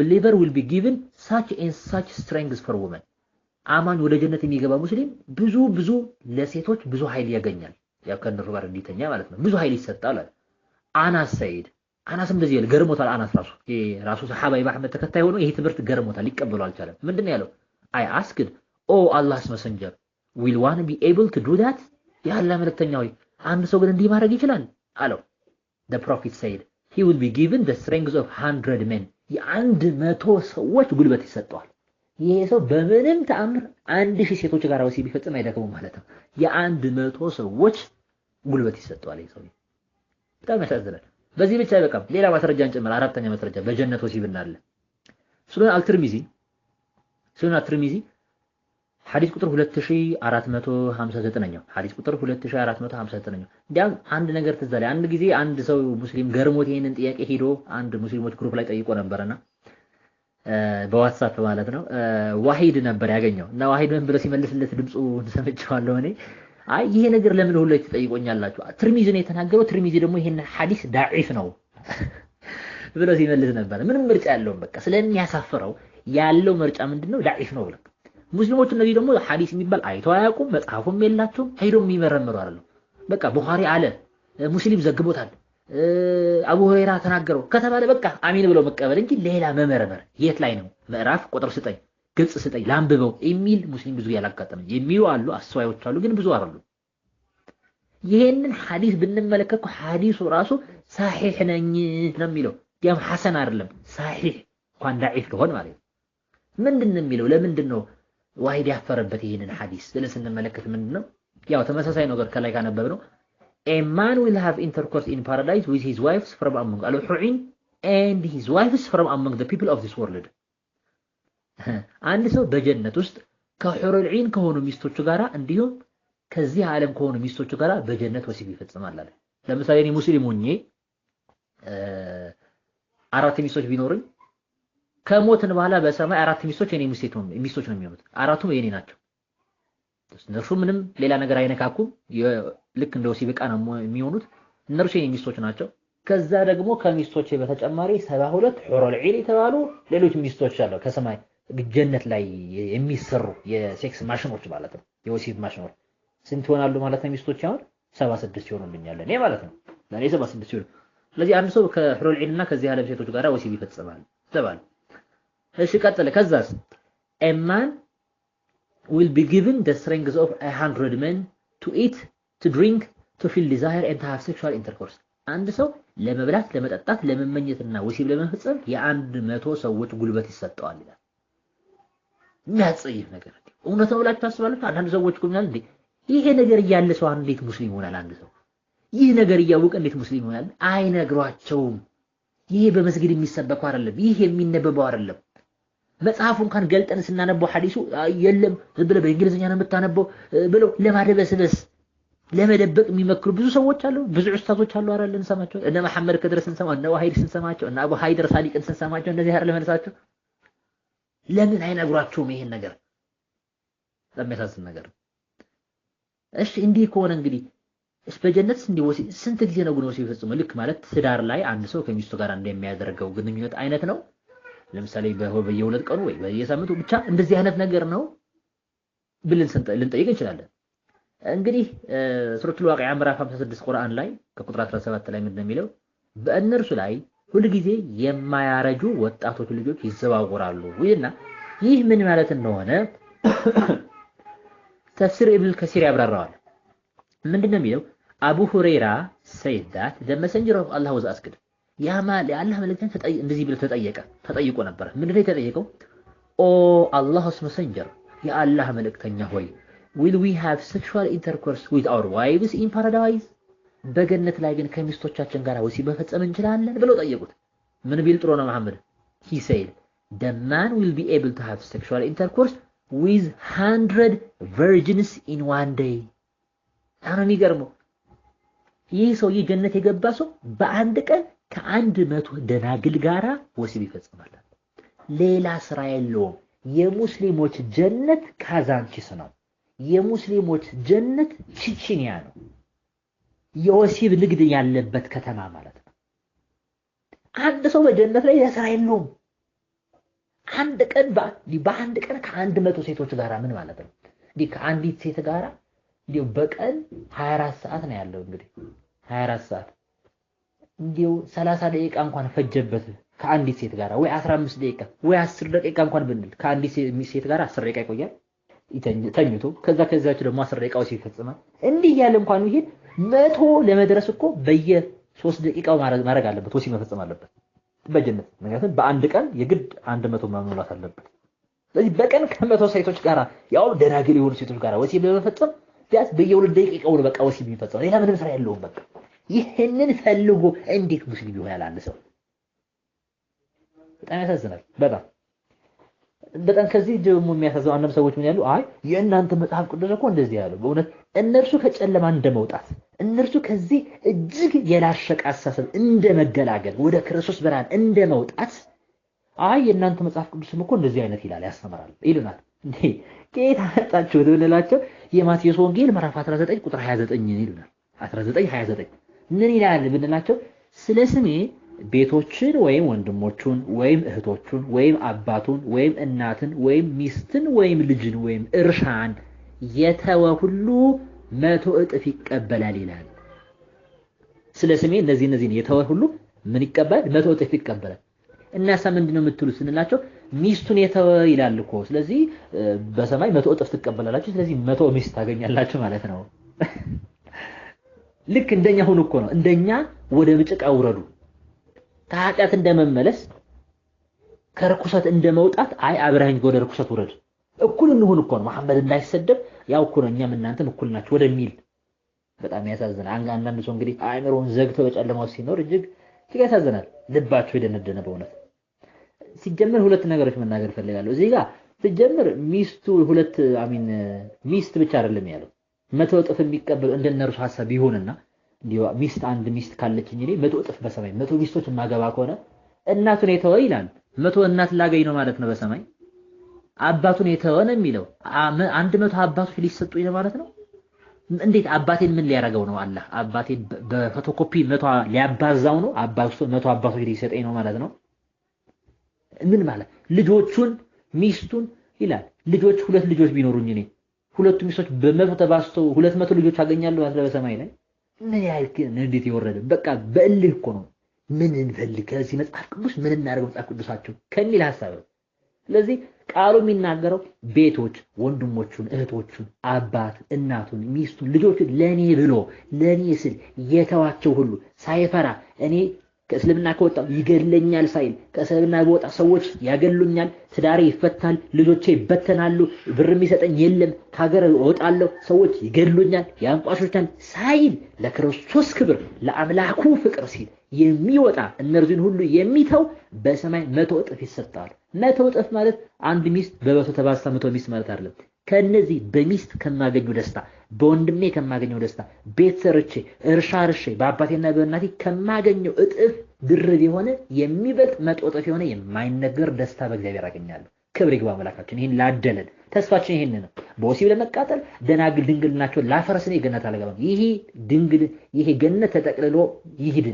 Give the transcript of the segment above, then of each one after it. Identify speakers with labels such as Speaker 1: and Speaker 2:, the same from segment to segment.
Speaker 1: believer will be given such and such strengths for women አማኝ ወደ ጀነት የሚገባ ሙስሊም ብዙ ብዙ ለሴቶች ብዙ ኃይል ያገኛል። ያው ከነሩ ጋር እንዲተኛ ማለት ነው። ብዙ ኃይል ይሰጣል አናስ ሰይድ። አናስም እንደዚህ ያለ ገርሞታል። አናስ ራሱ ራሱ ሰሐባ የመሐመድ ተከታይ ሆኖ ይሄ ትምህርት ገርሞታል፣ ሊቀበሉ አልቻለም። ምንድን ነው ያለው? አይ አስክድ ኦ አላህስ መሰንጀር ዊል ዋን ቢ ኤብል ቱ ዱ ዳት ያለ መልእክተኛ ሆይ አንድ ሰው ግን እንዲህ ማድረግ ይችላል አለው። ዘ ፕሮፊት ሰይድ ሂ ውድ ቢ ጊቭን ዘ ስትሬንግዝ ኦፍ ሃንድረድ ሜን የአንድ መቶ ሰዎች ጉልበት ይሰጠዋል። ይሄ ሰው በምንም ተአምር አንድ ሺህ ሴቶች ጋር ወሲብ ቢፈጽም አይደክሙም ማለት ነው። የአንድ መቶ ሰዎች ጉልበት ይሰጠዋል። ይሄ ሰው በጣም ያሳዝናል። በዚህ ብቻ አይበቃም፣ ሌላ ማስረጃ እንጨምር። አራተኛ ማስረጃ በጀነት ወሲብ እናለ ሱለን አልትርሚዚ ሱለን አልትርሚዚ ሐዲስ ቁጥር 2459ኛው ሐዲስ ቁጥር 2459ኛው እንዲያውም አንድ ነገር ትዝ አለኝ። አንድ ጊዜ አንድ ሰው ሙስሊም ገርሞት ይሄንን ጥያቄ ሄዶ አንድ ሙስሊሞች ግሩፕ ላይ ጠይቆ ነበረና በዋትሳፕ ማለት ነው ዋሂድ ነበር ያገኘው እና ዋሂድ ምን ብሎ ሲመልስለት ድምፁ ሰምቼዋለሁ እኔ አይ ይሄ ነገር ለምን ሁሉ ትጠይቆኛላችሁ? ትርሚዝ ነው የተናገረው። ትርሚዝ ደግሞ ይሄን ሐዲስ ዳዒፍ ነው ብሎ ሲመልስ ነበር። ምንም ምርጫ ያለውም በቃ ስለሚያሳፍረው ያለው ምርጫ ምንድነው ዳዒፍ ነው ብለህ ሙስሊሞች እነዚህ ደግሞ ሐዲስ የሚባል አይተው አያውቁም፣ መጽሐፉም የላቸውም፣ ሄደው የሚመረምሩ አይደለም። በቃ ቡኻሪ አለ፣ ሙስሊም ዘግቦታል፣ አቡ ሁረይራ ተናገረው ከተባለ በቃ አሚን ብለው መቀበል እንጂ ሌላ መመረመር የት ላይ ነው? ምዕራፍ ቁጥር ስጠኝ፣ ግልጽ ስጠኝ፣ ላንብበው የሚል ሙስሊም ብዙ ያላጋጠመኝ የሚሉ አሉ፣ አስተዋዮች አሉ፣ ግን ብዙ አሉ። ይሄንን ሐዲስ ብንመለከት ሐዲሱ ራሱ ሳሒሕ ነኝ ነው የሚለው። ያም ሐሰን አይደለም ሳሒሕ እንኳን ዳዒፍ ከሆነ ማለት ምንድን ነው የሚለው? ለምንድን ነው ዋሂድ ያፈረበት ይህንን ሐዲስ ብለን ስንመለከት ምንድን ነው ያው ተመሳሳይ ነገር ከላይ ካነበብ ነው ኤ ማን ዊል ሃቭ ኢንተርኮርስ ኢን ፓራዳይዝ ዊዝ ሂዝ ዋይፍስ ፍሮም አሞንግ አልሑዒን ኤንድ ሂዝ ዋይፍስ ፍሮም አሞንግ ዘ ፒፕል ኦፍ ዚስ ወርልድ አንድ ሰው በጀነት ውስጥ ከሑሩል ከሆኑ ሚስቶቹ ጋራ እንዲሁም ከዚህ ዓለም ከሆኑ ሚስቶቹ ጋራ በጀነት ወሲብ ይፈጽማል አለ። ለምሳሌ እኔ ሙስሊም ሆኜ አራት ሚስቶች ቢኖርኝ ከሞትን በኋላ በሰማይ አራት ሚስቶች የኔ ሚስቶች ነው ሚስቶች ነው የሚሆኑት። አራቱም የኔ ናቸው። እነርሱ ምንም ሌላ ነገር አይነካኩም። ልክ እንደው ሲበቃ ነው የሚሆኑት። እነርሱ የኔ ሚስቶች ናቸው። ከዛ ደግሞ ከሚስቶች በተጨማሪ 72 ሁለት ሑረል ዒን የተባሉ ሌሎች ሚስቶች አሉ ከሰማይ ጀነት ላይ የሚሰሩ የሴክስ ማሽኖች ማለት ነው። የወሲብ ማሽኖች ስንት ይሆናሉ ማለት ነው? ሚስቶች አሁን ሰባ ስድስት ይሆኑልኛል እኔ ማለት ነው። ለኔ 76 ስድስት ይሆኑ። ስለዚህ አንድ ሰው ከሑረል ዒንና ከዚህ ዓለም ሴቶች ጋር ወሲብ ይፈጽማል ተባለ። እሺ ቀጥል። ከዛስ a man ዊል ቢ ጊቭን the strength ኦፍ a hundred men ቱ ኢት ቱ ድሪንክ ቱ ፊል desire ኤንድ ሃቭ ሴክሹዋል ኢንተርኮርስ። አንድ ሰው ለመብላት ለመጠጣት ለመመኘትና ወሲብ ለመፈጸም የአንድ መቶ ሰዎች ጉልበት ይሰጠዋል ይላል። የሚያጸይፍ ነገር እውነት ነው ብላችሁ ታስባላችሁ? አንዳንድ ሰዎች ቁምናል እንዴ ይሄ ነገር እያለ ሰው እንዴት ሙስሊም ይሆናል? አንድ ሰው ይህ ነገር እያወቀ እንዴት ሙስሊም ይሆናል? አይነግሯቸውም። ይሄ በመስጊድ የሚሰበከው አይደለም። ይህ የሚነበበው አይደለም። መጽሐፉ እንኳን ገልጠን ስናነበው ሐዲሱ የለም ብለ በእንግሊዝኛ ነው የምታነበው ብለው ለማደበስበስ ለመደበቅ የሚመክሩ ብዙ ሰዎች አሉ፣ ብዙ ኡስታዞች አሉ። አረ ልንሰማቸው እነ መሐመድ ከድር ስንሰማ፣ እነ ዋሂድ ስንሰማቸው፣ እነ አቡ ሃይደር ሳሊቅን ስንሰማቸው እነዚህ አይደል ለመነሳቸው ለምን አይነግሯችሁም ይሄን ነገር? የሚያሳዝን ነገር እሺ። እንዲህ ከሆነ እንግዲህ እስ በጀነት እንዲህ ወሲ ስንት ጊዜ ነው ግን ወሲብ ፈጽሞ ልክ ማለት ትዳር ላይ አንድ ሰው ከሚስቱ ጋር እንደሚያደርገው ግንኙነት አይነት ነው። ለምሳሌ በየሁለት ቀኑ ወይ በየሳምንቱ ብቻ እንደዚህ አይነት ነገር ነው ብለን ልንጠይቅ እንችላለን። እንግዲህ ሱረቱል ዋቂዓ ምዕራፍ 56 ቁርአን ላይ ከቁጥር 17 ላይ ምንድነው የሚለው? በእነርሱ ላይ ሁልጊዜ የማያረጁ ወጣቶች ልጆች ይዘዋወራሉ ይልና ይህ ምን ማለት እንደሆነ ተፍሲር ኢብኑ ከሲር ያብራራዋል። ምንድነው የሚለው? አቡ ሁረይራ ሰይዳት ደመሰንጀሮ አላህ messenger of ያማል የአላህ መልእክተኛ እንደዚህ ብሎ ተጠየቀ ተጠይቆ ነበረ። ምንድን ነው የተጠየቀው? ኦ አላህስ መሰንጀር የአላህ መልእክተኛ ሆይ ዊል ዊ ሃቭ ሴክሹዋል ኢንተርኮርስ ዊዝ አወር ዋይቭስ ኢን ፓራዳይዝ በገነት ላይ ግን ከሚስቶቻችን ጋር ወሲብ መፈጸም እንችላለን ብለው ጠየቁት። ምን ቢል ጥሩ ነው መሐመድ? ሂ ሴይድ ደ ማን ዊል ቢ ኤብል ቱ ሃቭ ሴክሹዋል ኢንተርኮርስ ዊዝ ሃንድረድ ቨርጅንስ ኢን ዋን ዴይ። በጣም የሚገርመው ይህ ሰውዬ ጀነት የገባ ሰው በአንድ ቀን ከአንድ መቶ ደናግል ጋራ ወሲብ ይፈጽማል። ሌላ ስራ የለውም። የሙስሊሞች ጀነት ካዛንቺስ ነው። የሙስሊሞች ጀነት ቺቺኒያ ነው። የወሲብ ንግድ ያለበት ከተማ ማለት ነው። አንድ ሰው በጀነት ላይ ስራ የለውም። አንድ ቀን በአንድ ቀን ከአንድ መቶ ሴቶች ጋራ ምን ማለት ነው? እንዲህ ከአንዲት ሴት ጋራ እንዲው በቀን 24 ሰዓት ነው ያለው እንግዲህ 24 ሰዓት እንዲው 30 ደቂቃ እንኳን ፈጀበት ከአንዲት ሴት ጋር ወይ 15 ደቂቃ ወይ 10 ደቂቃ እንኳን ብንል ከአንዲት ሴት ጋር 10 ደቂቃ ይቆያል ተኝቶ ከዛ ከዛች ደግሞ 10 ደቂቃዎች ይፈጽማል። እንዲህ ያለ እንኳን ይሄ መቶ ለመድረስ እኮ በየ 3 ደቂቃው ማድረግ አለበት፣ ወሲብ መፈጸም አለበት በጀነት። ምክንያቱም በአንድ ቀን የግድ አንድ መቶ መሙላት አለበት። ስለዚህ በቀን ከመቶ ሴቶች ጋር ያው ደናግል የሆኑ ሴቶች ጋር ወሲብ ለመፈጸም ቢያንስ በየሁለት ደቂቃው ነው በቃ ወሲብ የሚፈጸመው። ሌላ ምንም ስራ የለውም። በቃ ይህንን ፈልጎ እንዴት ሙስሊም ይሆናል አንድ ሰው? በጣም ያሳዝናል። በጣም በጣም ከዚህ ደግሞ የሚያሳዝነው አንዳንድ ሰዎች ምን ያሉ፣ አይ የእናንተ መጽሐፍ ቅዱስ እኮ እንደዚህ ያለው በእውነት እነርሱ ከጨለማ እንደመውጣት እነርሱ ከዚህ እጅግ የላሸቀ አሳሰብ እንደመገላገል ወደ ክርስቶስ ብርሃን እንደመውጣት አይ የእናንተ መጽሐፍ ቅዱስም እኮ እንደዚህ አይነት ይላል ያስተምራል ይሉናል። እንዴ ከየት አመጣችሁት ብንላቸው የማቴዎስ ወንጌል ምዕራፍ 19 ቁጥር 29 ይሉናል። 19 29 ምን ይላል ብንላቸው ስለ ስሜ ቤቶችን ወይም ወንድሞቹን ወይም እህቶቹን ወይም አባቱን ወይም እናትን ወይም ሚስትን ወይም ልጅን ወይም እርሻን የተወ ሁሉ መቶ እጥፍ ይቀበላል ይላል። ስለ ስሜ እነዚህ እነዚህን የተወ ሁሉ ምን ይቀበላል? መቶ እጥፍ ይቀበላል። እናሳ ምንድን ነው የምትሉ ስንላቸው ሚስቱን የተወ ይላል እኮ። ስለዚህ በሰማይ መቶ እጥፍ ትቀበላላችሁ። ስለዚህ መቶ ሚስት ታገኛላችሁ ማለት ነው። ልክ እንደኛ ሁኑ እኮ ነው። እንደኛ ወደ ብጭቃ ውረዱ። ከኃጢአት እንደመመለስ ከርኩሰት እንደመውጣት፣ አይ አብረኸኝ ወደ ርኩሰት ውረድ። እኩል እንሁን እኮ ነው። መሐመድ እንዳይሰደብ ያው እኮ ነው። እኛም እናንተም እኩል ናችሁ ወደሚል በጣም ያሳዝናል። አንዳንድ ሰው እንግዲህ አእምሮውን ዘግቶ በጨለማው ሲኖር እጅግ እጅግ ያሳዝናል። ልባቸው የደነደነ በእውነት ሲጀመር ሁለት ነገሮች መናገር ፈልጋለሁ እዚህ ጋር ሲጀመር ሚስቱ ሁለት አሚን ሚስት ብቻ አይደለም ያለው መቶ እጥፍ የሚቀበል እንደነርሱ ሀሳብ ይሆንና እንዲሁ ሚስት አንድ ሚስት ካለች እንግዲህ መቶ እጥፍ በሰማይ መቶ ሚስቶች የማገባ ከሆነ እናቱን የተወ ይላል። መቶ እናት ላገኝ ነው ማለት ነው በሰማይ አባቱን የተወ ነው የሚለው አንድ መቶ አባቶች ሊሰጡኝ ነው ማለት ነው። እንዴት አባቴን ምን ሊያደርገው ነው? አላህ አባቴን በፎቶኮፒ መቶ ሊያባዛው ነው? አባቱ መቶ አባቶች ሊሰጠኝ ነው ማለት ነው። ምን ማለት ልጆቹን ሚስቱን ይላል። ልጆች ሁለት ልጆች ቢኖሩኝ እኔ ሁለቱ ሚስቶች በመቶ ተባስተው ሁለት መቶ ልጆች አገኛለሁ አስለ በሰማይ ላይ ምን ያህል እንዴት የወረደ በቃ በእልህ እኮ ነው። ምን እንፈልግ ከዚህ መጽሐፍ ቅዱስ ምን እናደርግ መጽሐፍ ቅዱሳቸው ከሚል ሐሳብ ነው። ስለዚህ ቃሉ የሚናገረው ቤቶች ወንድሞቹን፣ እህቶቹን፣ አባት እናቱን፣ ሚስቱን፣ ልጆቹን ለኔ ብሎ ለኔ ስል የተዋቸው ሁሉ ሳይፈራ እኔ ከእስልምና ከወጣው ይገድለኛል ሳይል ከእስልምና በወጣ ሰዎች ያገሉኛል፣ ትዳሬ ይፈታል፣ ልጆቼ ይበተናሉ፣ ብር የሚሰጠኝ የለም፣ ከሀገር እወጣለሁ፣ ሰዎች ይገድሉኛል፣ ያንቋሾቻል ሳይል ለክርስቶስ ክብር ለአምላኩ ፍቅር ሲል የሚወጣ እነርዚህን ሁሉ የሚተው በሰማይ መቶ እጥፍ ይሰጠዋል። መቶ እጥፍ ማለት አንድ ሚስት በበሶ ተባዝታ መቶ ሚስት ማለት አይደለም። ከእነዚህ በሚስት ከማገኘው ደስታ፣ በወንድሜ ከማገኘው ደስታ፣ ቤት ሰርቼ እርሻ እርሼ በአባቴና በእናቴ ከማገኘው እጥፍ ድርብ የሆነ የሚበልጥ መጦጠፍ የሆነ የማይነገር ደስታ በእግዚአብሔር አገኛለሁ። ክብር ይግባ አምላካችን ይህን ላደለን። ተስፋችን ይህን ነው። በወሲብ ለመቃጠል ደናግል ድንግልናቸውን ላፈረስ እኔ ገነት አልገባም። ይሄ ድንግል ይሄ ገነት ተጠቅልሎ ይሂድ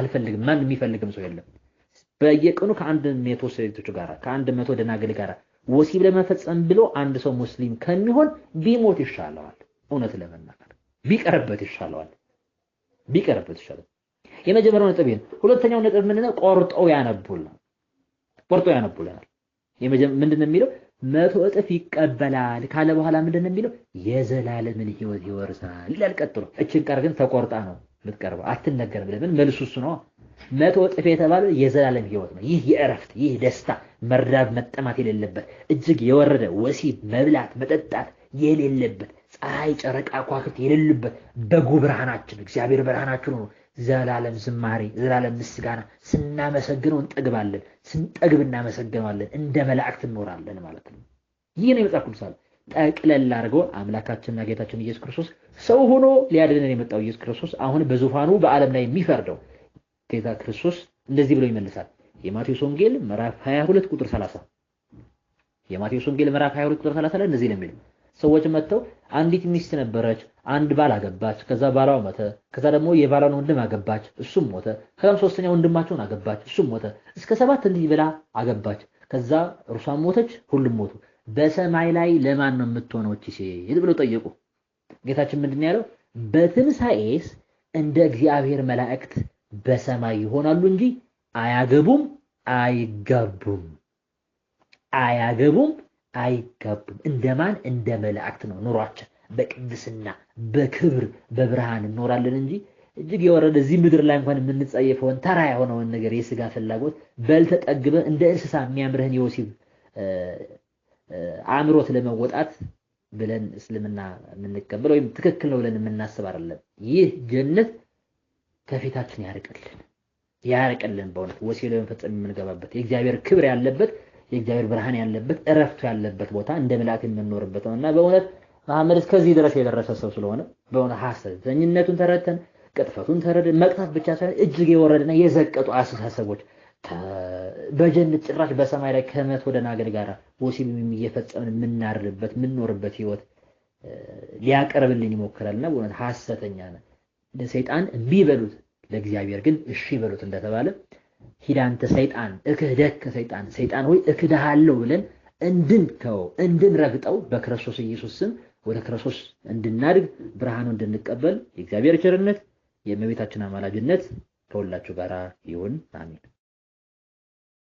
Speaker 1: አልፈልግም። ማን የሚፈልግም ሰው የለም። በየቀኑ ከአንድ መቶ ሴቶች ጋር ከአንድ መቶ ደናግል ጋር ወሲብ ለመፈጸም ብሎ አንድ ሰው ሙስሊም ከሚሆን ቢሞት ይሻለዋል። እውነት ለመናገር ቢቀርበት ይሻለዋል። ቢቀርበት ይሻለዋል። የመጀመሪያው ነጥብ ይሄ። ሁለተኛው ነጥብ ምንድነው? ቆርጦ ያነቡልናል። ቆርጠው ያነቡልናል። ምንድነው የሚለው? መቶ እጥፍ ይቀበላል ካለ በኋላ ምንድነው የሚለው? የዘላለምን ህይወት ይወርሳል ይላል። ቀጥሎ እችን ቃል ግን ተቆርጣ ነው የምትቀርበው። አትነገርም። ለምን? መልሱ እሱ ነው። መቶ እጥፍ የተባለው የዘላለም ህይወት ነው። ይህ የእረፍት ይህ ደስታ መራብ መጠማት የሌለበት እጅግ የወረደ ወሲብ፣ መብላት፣ መጠጣት የሌለበት ፀሐይ፣ ጨረቃ፣ ኳክት የሌሉበት በጉ ብርሃናችን እግዚአብሔር ብርሃናችን ሆኖ ዘላለም ዝማሬ ዘላለም ምስጋና ስናመሰግነው እንጠግባለን። ስንጠግብ እናመሰግነዋለን። እንደ መላእክት እንኖራለን ማለት ነው። ይህ ነው የመጽሐፍ ቅዱስ ጠቅለል አድርጎ አምላካችንና ጌታችን ኢየሱስ ክርስቶስ ሰው ሆኖ ሊያድነን የመጣው ኢየሱስ ክርስቶስ አሁን በዙፋኑ በዓለም ላይ የሚፈርደው ጌታ ክርስቶስ እንደዚህ ብሎ ይመልሳል። የማቴዎስ ወንጌል ምዕራፍ 22 ቁጥር 30 የማቴዎስ ወንጌል ምዕራፍ 22 ቁጥር 30 ላይ እንደዚህ ነው የሚለው ሰዎች መጥተው አንዲት ሚስት ነበረች፣ አንድ ባል አገባች፣ ከዛ ባሏ ሞተ፣ ከዛ ደግሞ የባሏን ወንድም አገባች፣ እሱም ሞተ፣ ከዛም ሶስተኛ ወንድማቸውን አገባች፣ እሱም ሞተ፣ እስከ ሰባት ልጅ ብላ አገባች፣ ከዛ እርሷም ሞተች፣ ሁሉም ሞቱ። በሰማይ ላይ ለማን ነው የምትሆነው እቺ ሴት ብለው ጠየቁ። ጌታችን ምንድን ያለው? በትንሳኤስ እንደ እግዚአብሔር መላእክት በሰማይ ይሆናሉ እንጂ አያገቡም፣ አይጋቡም። አያገቡም፣ አይጋቡም። እንደማን እንደ መላእክት ነው ኑሯችን። በቅድስና በክብር በብርሃን እንኖራለን እንጂ እጅግ የወረደ እዚህ ምድር ላይ እንኳን የምንጸየፈውን ተራ የሆነውን ነገር የስጋ ፍላጎት በልተጠግበ እንደ እንስሳ የሚያምርህን የወሲብ አእምሮት ለመወጣት ብለን እስልምና የምንቀበል ወይም ትክክል ነው ብለን የምናስብ አይደለም። ይህ ጀነት ከፊታችን ያርቅልን ያርቅልን። በእውነት ወሲሎ መፈጸም የምንገባበት የእግዚአብሔር ክብር ያለበት የእግዚአብሔር ብርሃን ያለበት እረፍቱ ያለበት ቦታ እንደ መልአክ የምንኖርበት ነው እና በእውነት መሐመድ እስከዚህ ድረስ የደረሰ ሰው ስለሆነ በእውነት ሐሰተኝነቱን ተረድተን ቅጥፈቱን ተረድን መቅጣት ብቻ ሳይሆን እጅግ የወረደና የዘቀጡ አስተሳሰቦች በጀነት ጭራሽ በሰማይ ላይ ከመቶ ደናግል ጋር ወሲብ እየፈጸምን የምናርበት የምንኖርበት ህይወት ሊያቀርብልን ይሞክራል በእውነት ሐሰተኛ ነን። ለሰይጣን እምቢ በሉት ለእግዚአብሔር ግን እሺ በሉት እንደተባለ ሂዳንተ ሰይጣን እክህደከ ሰይጣን ሰይጣን ሆይ እክድሃለሁ ብለን እንድንተወው እንድንረግጠው በክርስቶስ ኢየሱስ ስም ወደ ክርስቶስ እንድናድግ ብርሃኑ እንድንቀበል የእግዚአብሔር ቸርነት የእመቤታችን አማላጅነት ከሁላችሁ ጋር ይሁን። አሜን።